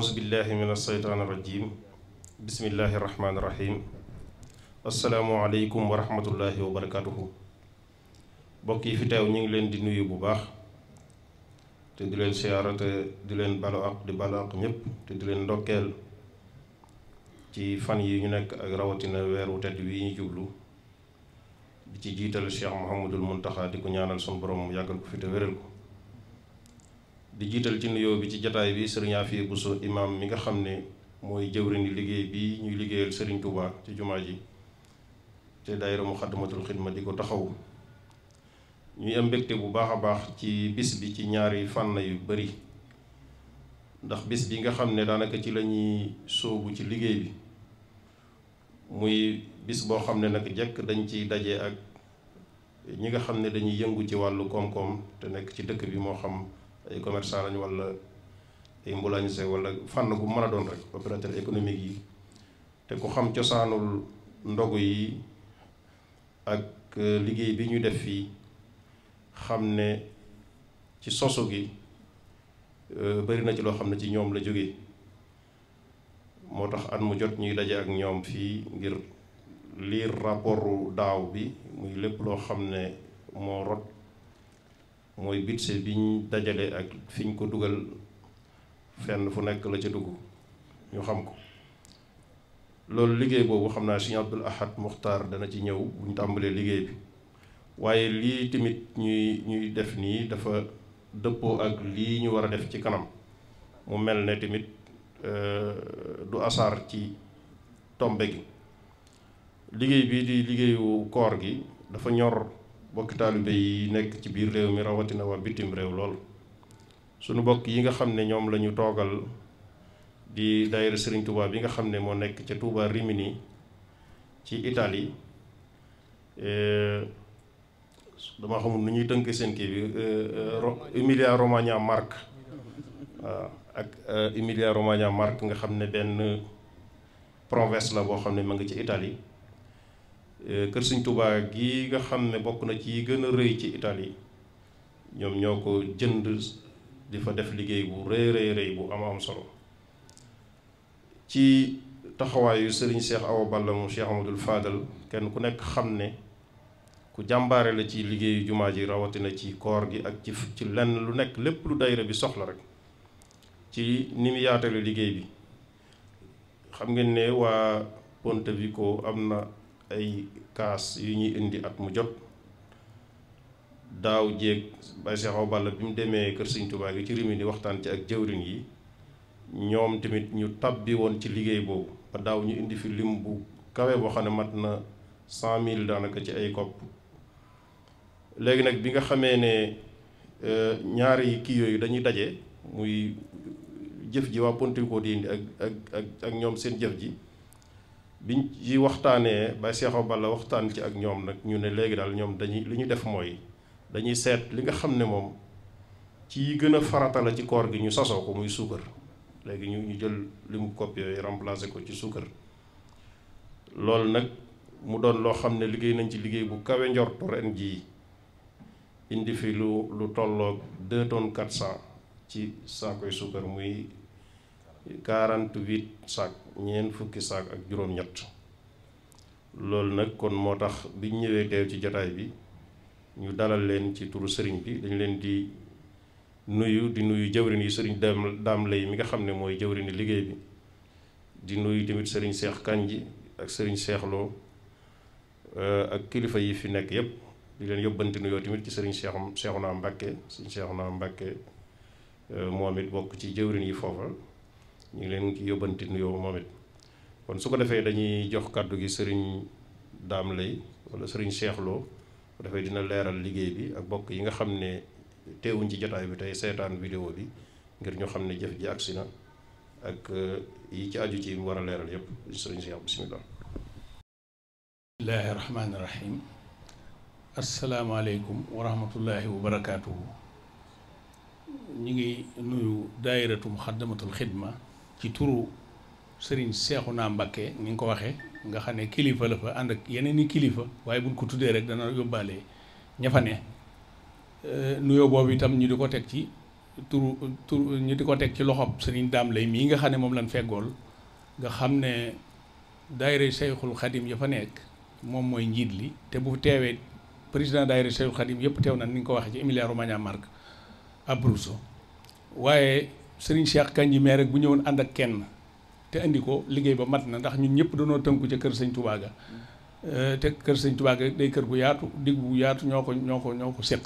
aus billahi min alsheytaan irrajim bismillahi irrahmani irrahim asalaamualeykum wa rahmatullahi wa barakatuhu mbokk yi fi ñu ngi leen di nuyu bu baax te di leen siyaara te di leen balu ak di balu ak ñépp te di leen ndokkeel ci fan yi ñu nekk ak rawatina wu tedd wi ñu jublu di ci jiital Cheikh Mouhamadul Muntaxa di ko ñaanal sun borom mu yàggal ko fi te wéral ko di jiital ci nuyoo bi ci jataay bi sëriñ Afia Bousso imaam mi nga xam ne mooy jëwrini liggéey bi ñuy liggéeyal sëriñ Touba ci jumaa ji te daayira mu xaddamatul xidma di ko taxaw ñuy am mbégte bu baax a baax ci bis bi ci ñaari fànn yu bari ndax bis bi nga xam ne daanaka ci la soobu ci liggéey bi muy bis boo xam ne nag jekk dañ ciy daje ak ñi nga xam ne dañuy yëngu ci wàllu koom-koom te nekk ci dëkk bi moo xam ay commerçant lañ wala ay mbulaañse wala fànn bu mën a doon rek opérateur économique yi te ku xam cosaanul ndogu yi ak euh, liggéey bi ñuy def fii xam ne ci sosu gi euh, bëri na ci loo xam ne ci ñoom la jóge moo tax at mu jot ñuy daje ak ñoom fii ngir lire rapportu daaw bi muy lépp loo xam ne moo rot mooy budget bi ñu dajalee ak fi ñu ko dugal fenn fu nekk la ca dugg ñu xam ko loolu liggéey boobu xam naa Sëriñ Abdul Ahad Muxtaar dana ci ñëw bu ñu tàmbalee liggéey bi waaye lii tamit ñuy ñuy def nii dafa dëppoo ak lii ñu war a def ci kanam mu mel ne tamit euh, du asaar ci tombe gi liggéey bii di liggéeyu koor gi dafa ñor bokk taalibe yi nekk ci biir réew mi rawatina waa bitim réew lool sunu bokk yi nga xam ne ñoom lañu toogal di daayira Serigne Touba bi nga xam ne moo nekk ca Touba Rimini ci itali e, dama xamul nu ñuy tënk seen kii bi e, e, Emilia Romagna Marche ak Emilia Romagna Marche nga xam ne benn province la boo xam ne ma ngi ci itali Euh, kër suñ Touba gi nga xam ne bokk na ci gën a rëy ci Italie ñoom ñoo ko jënd di fa def liggéey bu rëy rëy rëy bu am am solo ci taxawaayu sëriñ Cheikh Awa Balla mu Cheikh Amadou Fadal kenn ku nekk xam ne ku jàmbaare la ci liggéeyu jumaa ji rawatina ci koor gi ak ci ci lenn lu nekk lépp lu dayra bi soxla rek ci ni mu liggéey bi xam ngeen ne waa Pontevico am na ay kaas yu ñuy indi at mu jot daaw jéeg bay seexaw balla bi mu demee kër sëñ Tuubaa gi ci rimi di waxtaan ci ak jëwriñ yi ñoom tamit ñu tàbbi woon ci liggéey boobu ba daaw ñu indi fi lim bu kawe boo xam ne mat na cent mille daanaka ci ay kopp léegi nag bi nga xamee ne euh, ñaari kii yooyu dañuy daje muy jëf ji waa Ponteco di indi ak ak ak ak ñoom seen jëf ji biñ yi waxtaanee ba Seexu Balla waxtaan ci ak ñoom nag ñu ne léegi daal ñoom dañuy li ñu def mooy dañuy seet li nga xam ne moom ci gën a farata ci koor gi ñu sasoo ko muy suukar léegi ñu ñu jël limu kopp yooyu remplacé ko ci suukar loolu nag mu doon loo xam ne liggéey nañ ci liggéey bu kawe njortu ren jii indi fi lu lu tolloog deux tonnes quatre cent ci saakoy suukar muy quarante-huit saak ñeent fukki saak ak juróom-ñett loolu nag kon moo tax biñ ñëwee teew ci jataay bi ñu dalal leen ci turu sëriñ bi dañ leen di nuyu di nuyu jëwrin yi sëriñ daam daam lay mi nga xam ne mooy jëwrini liggéey bi di nuyu tamit sëriñ seex kànji ak sëriñ seex loo euh, ak kilifa yi fi nekk yépp di leen yóbbante nuyoo tamit ci sëriñ seexum seexu naa mbàkke sëriñ seexu naa mbàkke euh, moom it bokk ci jëwrin yi foofa ñu ngi leen ci yóbbanti nuyoo moom kon su ko defee dañuy jox kàddu gi sëriñ daam lay wala sëriñ Cheikh Lo bu defee dina leeral liggéey bi ak bokk yi nga xam ne teewuñ ci jotaay bi tey seetaan vidéo bi ngir ñu xam ne jëf ji agsi na ak uh, yi ci aju ci war a leeral yépp sëriñ Cheikh bismillah bismillahi rahmaani rahim asalaamaaleykum wa rahmatullahi wa ñu ngi nuyu daayiratum xaddamatul xidma ci turu Serigne Cheikhouna Mbacké ni nga ko waxee nga xam ne kilifa la fa ànd ak yeneen i kilifa waaye buñ ko tuddee rek dana yóbbaale ña fa ne euh, nuyoo boobu itam ñu di ko teg ci turu turu ñu di ko teg ci loxob Serigne Dame Lay mii nga xam ne moom lañ feggool nga xam ne daayira Cheikhul xadim ya fa nekk moom mooy njiit li te bu teewee président daayira Cheikhul Khadim yëpp teew na ni nga ko waxee ci Emilia Romagna Marche Abruzzo waaye. Serigne Cheikh Kandji maire rek bu ñëwoon ànd ak kenn te indi ko liggéey ba mat na ndax ñun ñëpp danoo tënku ca kër sëñ Touba ga euh, te kër sëñ Touba ga day kër gu yaatu digg bu yaatu ñoo ko ñoo ko ñoo ko séq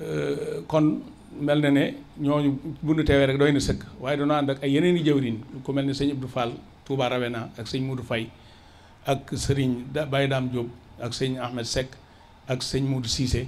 euh, kon mel na ne ñooñu bu nu teewee rek doy na sëkk waaye danoo ànd ak ay yeneen i jëwriñ ku mel ne sëñ Abdou Fall Touba Rawena ak sëñ Modou fay ak sëriñ Baye daam jóob ak sëñ Ahmed Seck ak sëñ Modou Cissé.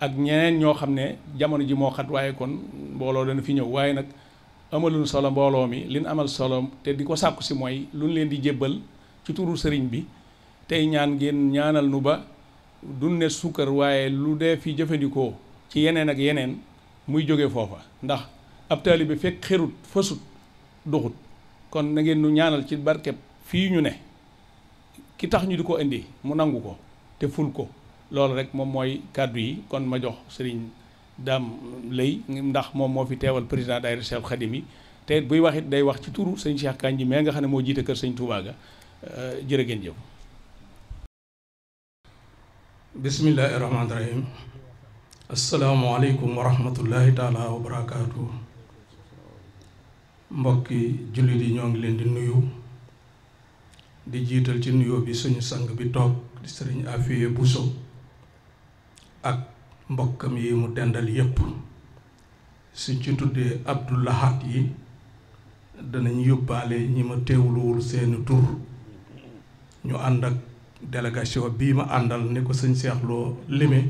ak ñeneen ñoo xam ne jamono ji moo xat waaye kon mbooloo dana fi ñëw waaye nag amaluñ solo mbooloo mi lin amal solo te di ko sàkku si mooy luñ leen di jébbal ci turu sëriñ bi tey ñaan ngeen ñaanal nu ba duñ ne sukkar waaye lu dee fi jëfandikoo ci yeneen ak yeneen muy jóge foofa ndax ab taalibe fekk xerut fësut duxut kon na ngeen nu ñaanal ci barkeb fii ñu ne ki tax ñu di ko indi mu nangu ko te ful ko loolu rek moom mooy kàddu yi kon ma jox sëriñ Dame Lay ndax moom moo fi teewal président daayira Cheikh Khadim yi te buy wax it day wax ci turu sëñ Cheikh Kandji mais nga xam ne moo jiite kër sëñ Touba ga euh, jërë ngeen jëf. bismillaahi rahmaani rahiim asalaamaaleykum jullit yi ñoo ngi leen di nuyu di jiital ci nuyoo bi suñu sang bi toog di sëriñ Afiye Bousso ak mbokkam yi mu dendal yépp suñ ci tuddee Abdou yi danañ yóbbaale ñi ma teewluwul seeni tur ñu ànd ak délégation bii ma àndal ni ko sëñ seexloo lime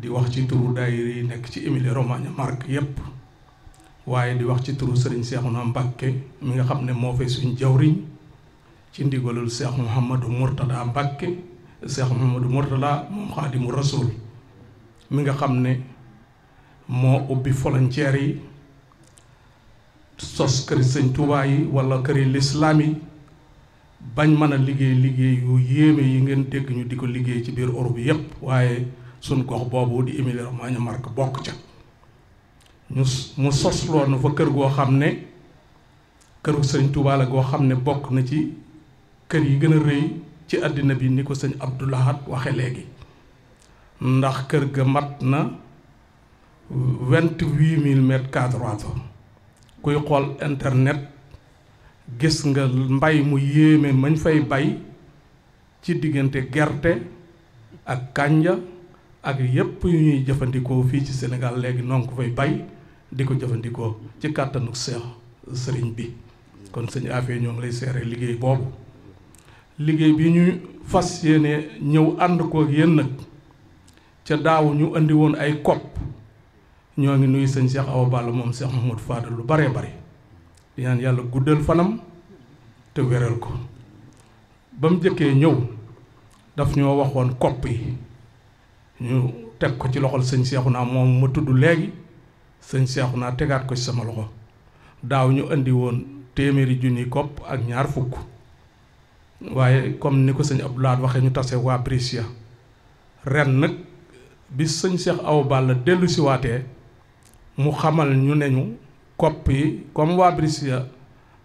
di wax ci turu daayira yi nekk ci Émilie Romagne Marc yépp waaye di wax ci turu sëriñ Seexuna Mbàkke mi nga xam ne moo fay suñ jawriñ ci ndigalul Seex Muhammadu Murtada Mbàkke Cheikh Mouhamadou Mourtala moom xaadimu rasul mi nga xam ne moo ubbi frontières yi sos këri sëñ Tuubaa yi wala këri lislaam yi bañ mën a liggéey liggéey yu yéeme yi ngeen dégg ñu di ko liggéey ci biir Europe yépp waaye suñ gox boobu di Émilie-Romagne Marque bokk ca ñu mu sos loonu fa kër goo xam ne këru sëñ Tuubaa goo xam ne bokk na ci kër yi gën a rëy ci àddina bi ni ko sëñ Abdou Lahad waxe léegi ndax kër ga mat na vingt-huit mille mètres carrés kuy xool internet gis nga mbay mu yéeme mañ fay bay ci diggante gerte ak kànja ak yépp yu ñuy jëfandikoo fii ci senegal léegi noonu ko fay bay di ko jëfandikoo ci kàttanu seex sëriñ bi kon sëñ Afee ñoo ngi lay seere liggéey boobu liggéey bi ñu fas yéene ñëw ànd ko ak yéen nag ca daaw ñu indi woon ay kopp ñoo ngi nuyu sëñ Cheikh Awa Balla moom Cheikh Mahmoud Fadal lu baree bare di yàlla guddal fanam te wéral ko ba mu njëkkee ñëw daf ñoo waxoon kopp yi ñu teg ko ci loxol sëñ naa moom ma tudd léegi sëñ naa tegaat ko ci sama loxo daaw ñu indi woon téeméeri junni kopp ak ñaar fukk waaye comme ni ko sëñ Abdoulaye waxee ñu tase waa Brescia ren nag bi sëñ Cheikh Awa Balla dellu waatee mu xamal ñu ne ñu kopp yi comme waa Brescia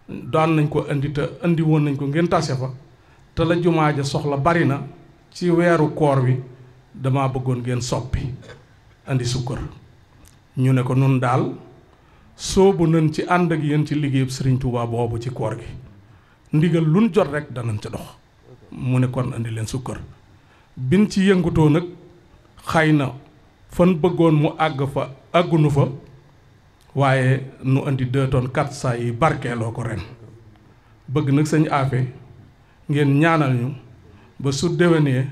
daan nañ ko indi te indi woon nañ ko ngeen tase fa te la jumaa ja soxla bari na ci weeru koor wi dama bëggoon ngeen soppi indi sukkar ñu ne ko nun daal soobu nañ ci ànd ak yéen ci liggéeyub Sëriñ Tuubaa boobu ci koor gi ndigal luñ jot rek danañ ca dox mu ne kon andi leen sukkar biñ ci yëngutoo nag xay na fan bëggoon mu àgg fa àggunu fa waaye nu indi deux tonnes quatre yi barkeeloo ko ren bëgg nag sëñ aafe ngeen ñaanal ñu ba su déwénee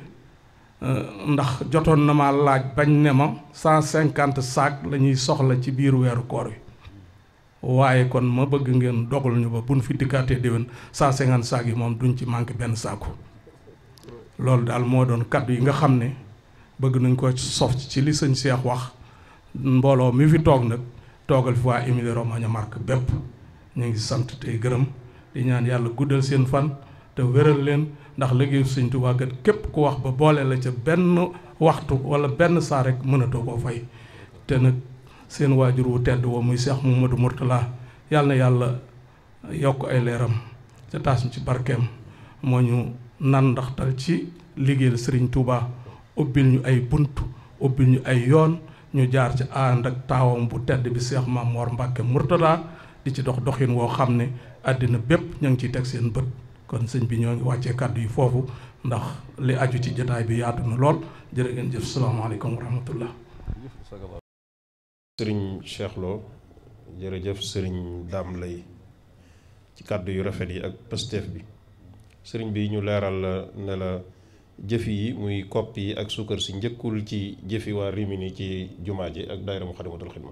euh, ndax jotoon na ma laaj bañ ne ma cent cinquante sac la ñuy soxla ci biir weeru koor wi waaye kon ma bëgg ngeen dogal ñu ba bu ñu fi dikkaatee déwén 150 saa yi moom duñ ci manqué benn saaku loolu daal moo doon kàddu yi nga xam ne bëgg nañ ko sof ci li sëñ Seex wax mbooloo mi fi toog nag toogal fi waa Émilie Romagne Marc bépp ñu ngi sant tey gërëm di ñaan yàlla guddal seen fan te wéral leen ndax léegi sëñ Tuubaa képp ku wax ba boole la ca benn waxtu wala benn saa rek mënatoo koo fay te nag. seen waajur wu tedd woo muy Cheikh Mamadou Mourtala yàlla na yàlla yokk ay leeram ca taas ci barkeem moo ñu nan ndaxtal ci liggéeyal sëriñ Touba ubbil ñu ay bunt ubbil ñu ay yoon ñu jaar ci ànd ak taawam bu tedd bi Cheikh Mame Mor Mbacke Mourtala di ci dox doxin woo xam ne àddina bépp ña ngi ciy teg seen bët kon sëñ bi ñoo ngi wàccee kàddu yi foofu ndax li aju ci jataay bi yaatu na lool jërë ngeen jëf salaamaaleykum wa sëriñ Cheikh jërëjëf sëriñ Dame Lay ci kàddu yu rafet yi ak pësteef bi sëriñ bi ñu leeral la ne la jëf yi muy kopp yi ak suukar si njëkkul ci jëfi waa Rimini ci jumaa ji ak daayira Muxaddamatul Xidma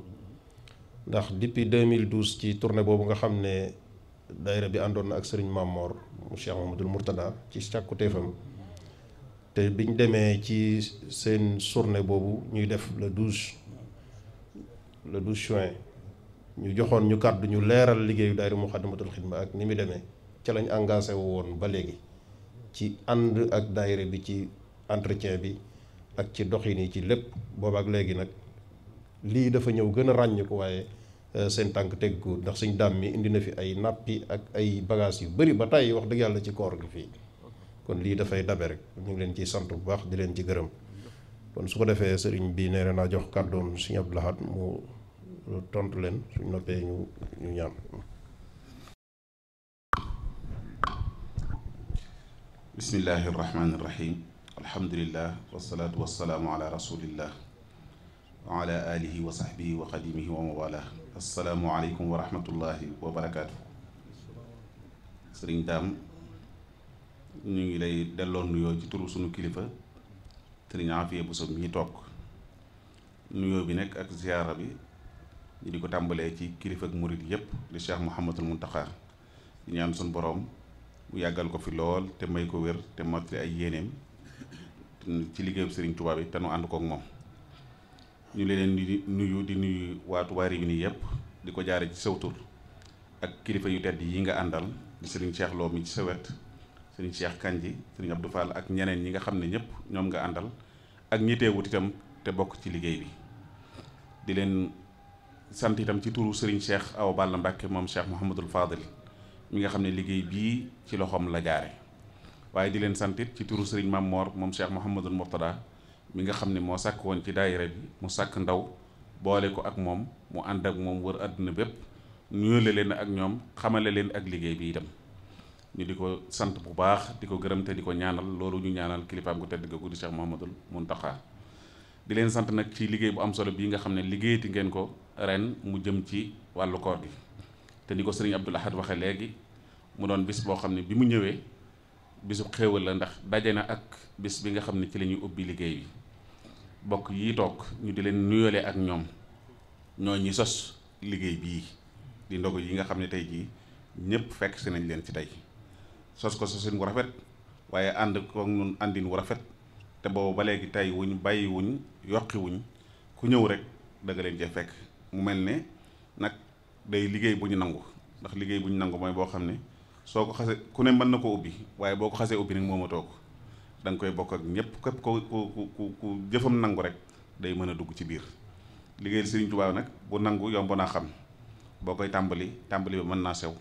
ndax depuis 2012 ci tournée boobu nga xam ne daayira bi àndoon na ak sëriñ Mamor mu Cheikh Mamadul Murtada ci càkkuteefam te biñ demee ci seen journée boobu ñuy def le 12. le du juin ñu joxoon ñu kàddu ñu leeral liggéeyu daayira Muxaddamatul Xidma ak ni mu demee ca lañ engagé wu woon ba léegi ci ànd ak daayira bi ci entretien bi ak ci doxin yi ci lépp boobaak léegi nag lii dafa ñëw gën a ràññ ko waaye euh, seen tànk teg ko ndax suñ daam mi indi na fi ay nappi ak ay bagages yu bari ba tey wax dëgg yàlla ci koor gi fii kon lii dafay dabe rek ñu ngi leen ciy sant bu baax di leen ci gërëm kon su ko defee sëriñ bi nee na naa jox kàddoom sëriñ Abdou Lahad mu tontu leen suñ noppee ñu ñaan bismillahi irrahmani irrahim alhamdulilah wasalaatu wasalaamu wa ala alihi wa sahbihi wa xadimihi wa mawala aleykum wa wa barakaatu sëriñ daam ñu ngi lay delloo nuyoo ci turu sunu kilifa sëriñ Afia Bousso mi toog nuyoo bi nekk ak ziyaara bi ñu di ko tàmbalee ci kilifa ak murit yépp di Cheikh Mouhamadul Mountakha di ñaan suñu boroom mu yàggal ko fi lool te may ko wér te mottali ay yéeneem ci liggéeyam sëriñ Tuubaa yi te nu ànd kook moom ñu leen nuyu di nuyu waa Touba nii yépp di ko jaare ci saw ak kilifa yu tedd yi nga àndal di sëriñ Cheikh Lo ci sa wet sëriñ Cheikh Kanji sëriñ Abdou Fall ak ñeneen ñi nga xam ne ñëpp ñoom nga àndal ak ñi teewut itam te bokk ci liggéey bi di leen sant ci turu sëriñ Cheikh Awa Balla Mbacke moom Cheikh Mouhamadul Fadil mi nga xam ne liggéey bii ci loxoom la jaare waaye di leen sant ci turu Serigne Mame Mor moom Cheikh Mouhamadul Mourtada mi nga xam ne moo sàkk woon ci daayira bi mu sàkk ndaw boole ko ak moom mu ànd ak moom wër àdduna bépp nuyule leen ak ñoom xamale leen ak liggéey bi itam. ñu di ko sant bu baax di ko gërëm te di ko ñaanal loolu ñu ñaanal kilifaam gu tedd ga guddi Cheikh Mouhamadul Mountakha di leen sant nag ci liggéey bu am solo bii nga xam ne liggéeyati ngeen ko ren mu jëm ci wàllu koor gi te ni ko sëriñ Abdoul Ahad waxe léegi mu doon bis boo xam ne bi mu ñëwee bisu xéewal la ndax daje na ak bis bi nga xam ne ci lañuy ñuy ubbi liggéey bi bokk yi toog ñu di leen nuyoole ak ñoom ñoo ñi sos liggéey bii di ndogu yi nga xam ne tey jii ñëpp fekk si nañ leen ci tey sos ko sosin wu rafet waaye ànd kook nun àndin wu rafet te boobu ba léegi tey wuñ bàyyi wuñ yokki wuñ ku ñëw rek da nga leen cee fekk mu mel ne nag day liggéey bu ñu nangu ndax liggéey bu ñu nangu mooy boo xam ne soo ko xase ku ne mën na ko ubbi waaye boo ko xasee ubbi nag moomatoo ko toog danga koy bokk ak ñëpp képp ko ku ku ku jëfam nangu rek day mën a dugg ci biir liggéeyal Sëriñ Tuubaa nag bu nangu yomb naa xam boo koy tàmbali tàmbali bi mën naa sew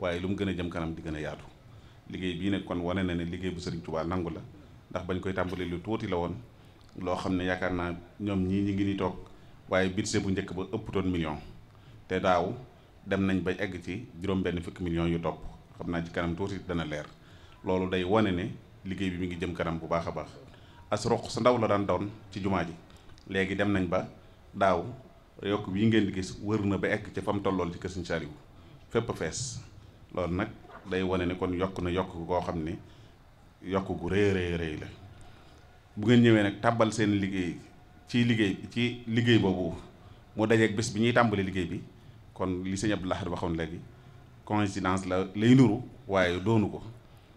waaye lu mu gën a jëm kanam di gën a yaatu liggéey bii nag kon wane na ne liggéey bu Serigne Touba nangu la ndax bañ koy tàmbali lu tuuti la woon loo xam ne yaakaar naa ñoom ñii ñu ngi ni toog waaye budget bu njëkk ba ëpp toon million te daaw dem nañ ba egg ci juróom-benn fukki millions yu topp xam naa ci kanam tuuti dana leer loolu day wane ne liggéey bi mi ngi jëm kanam bu baax a baax as sa ndaw la daan doon ci jumaa ji léegi dem nañ ba daaw yokk bii ngeen di gis wër na ba egg ci fa mu tollool ci kër Sëriñ Saliou fépp fees loolu nag day wane ne kon yokk na yokk goo xam ne yokk gu rëy rëy rëy la bu ngeen ñëwee nag tàbbal seen liggéey ci liggéey ci liggéey boobu mu dajeeg bés bi ñuy tàmbali liggéey bi kon li sëñ Abdou Lahad waxoon léegi coïncidence la lay nuru waaye doonu ko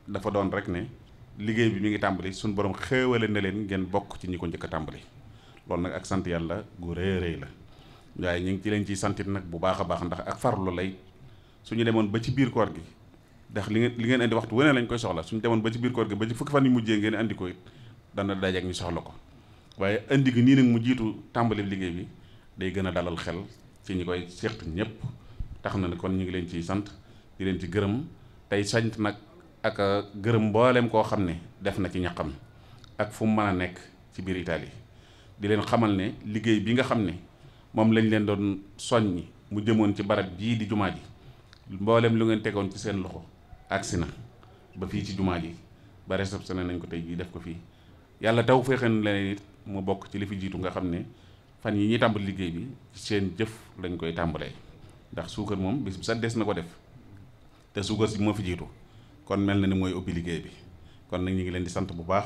dafa doon rek ne liggéey bi mi ngi tàmbali suñu borom xéewale na leen ngeen bokk ci ñi njëkk a tàmbali loolu nag ak sant yàlla gu rëy la waaye ñu ngi ci leen nag bu baax a baax ndax ak farlu lay su ñu demoon ba ci biir koor gi ndax li ngeen li ngeen indi waxtu wane lañ koy soxla suñ demoon ba ci biir koor gi ba ci fukki fan yu mujjee ngeen indi ko dana daje ak ñu soxla ko waaye indi gi nii nag mu jiitu tàmbali liggéey bi day gën a dalal xel ci ñi koy seq ñëpp tax na ne kon ñu ngi leen ciy sant di leen ci gërëm tey sant nag ak gërëm mbooleem koo xam ne def na ci ñaqam ak fu mu mën a nekk ci biir Italie di leen xamal ne liggéey bi nga xam ne moom lañ leen doon soññi mu jëmoon ci barab bii di jumaa ji mboolem lu ngeen tegoon ci seen loxo agsi na ba fii ci jumaa ji ba réceptionné nañ ko tey jii def ko fii yàlla taw feexen leneen it mu bokk ci li fi jiitu nga xam ne fan yi ñuy tàmbali liggéey bi seen jëf lañ koy tàmbalee ndax suukar moom bis bu des na ko def te suukar si moo fi jiitu kon mel na ni mooy ubbi liggéey bi kon nag ñu ngi leen di sant bu baax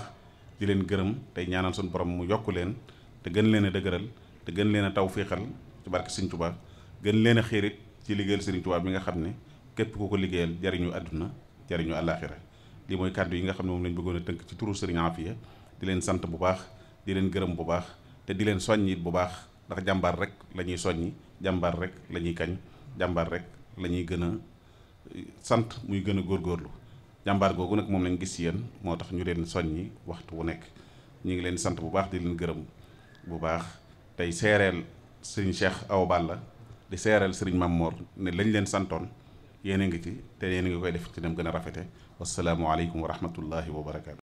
di leen gërëm tey ñaanal suñu borom mu yokk leen te gën leen a dëgëral te gën leen a taw féexal ci barke Sëriñ Tuubaa gën leen a xiirit ci liggéeyal Sëriñ Tuubaa bi nga xam ne képp ku ko liggéeyal jariñu àdduna jariñu àllaaxira lii mooy kàddu yi nga xam ne moom lañ bëggoona a tënk ci turu sëriñ Afia di leen sant bu baax di leen gërëm bu baax te di leen soññi bu baax ndax jàmbaar rek la ñuy jàmbaar rek la kañ jàmbaar rek la gën a eh, sant muy gën a góorgóorlu jàmbaar googu nag moom lañ gis ci yéen moo tax ñu leen soññi waxtu wu nekk ñu ngi leen sant bu baax di leen bu baax tey seereel sëriñ Cheikh Awa la di seereel seriñ Mamor ne lañ leen santoon yéen a ngi ci te yéen ngi koy def ci dem gën a rafete wasalaamualeykum wa rahmatullahi wa barakaatu.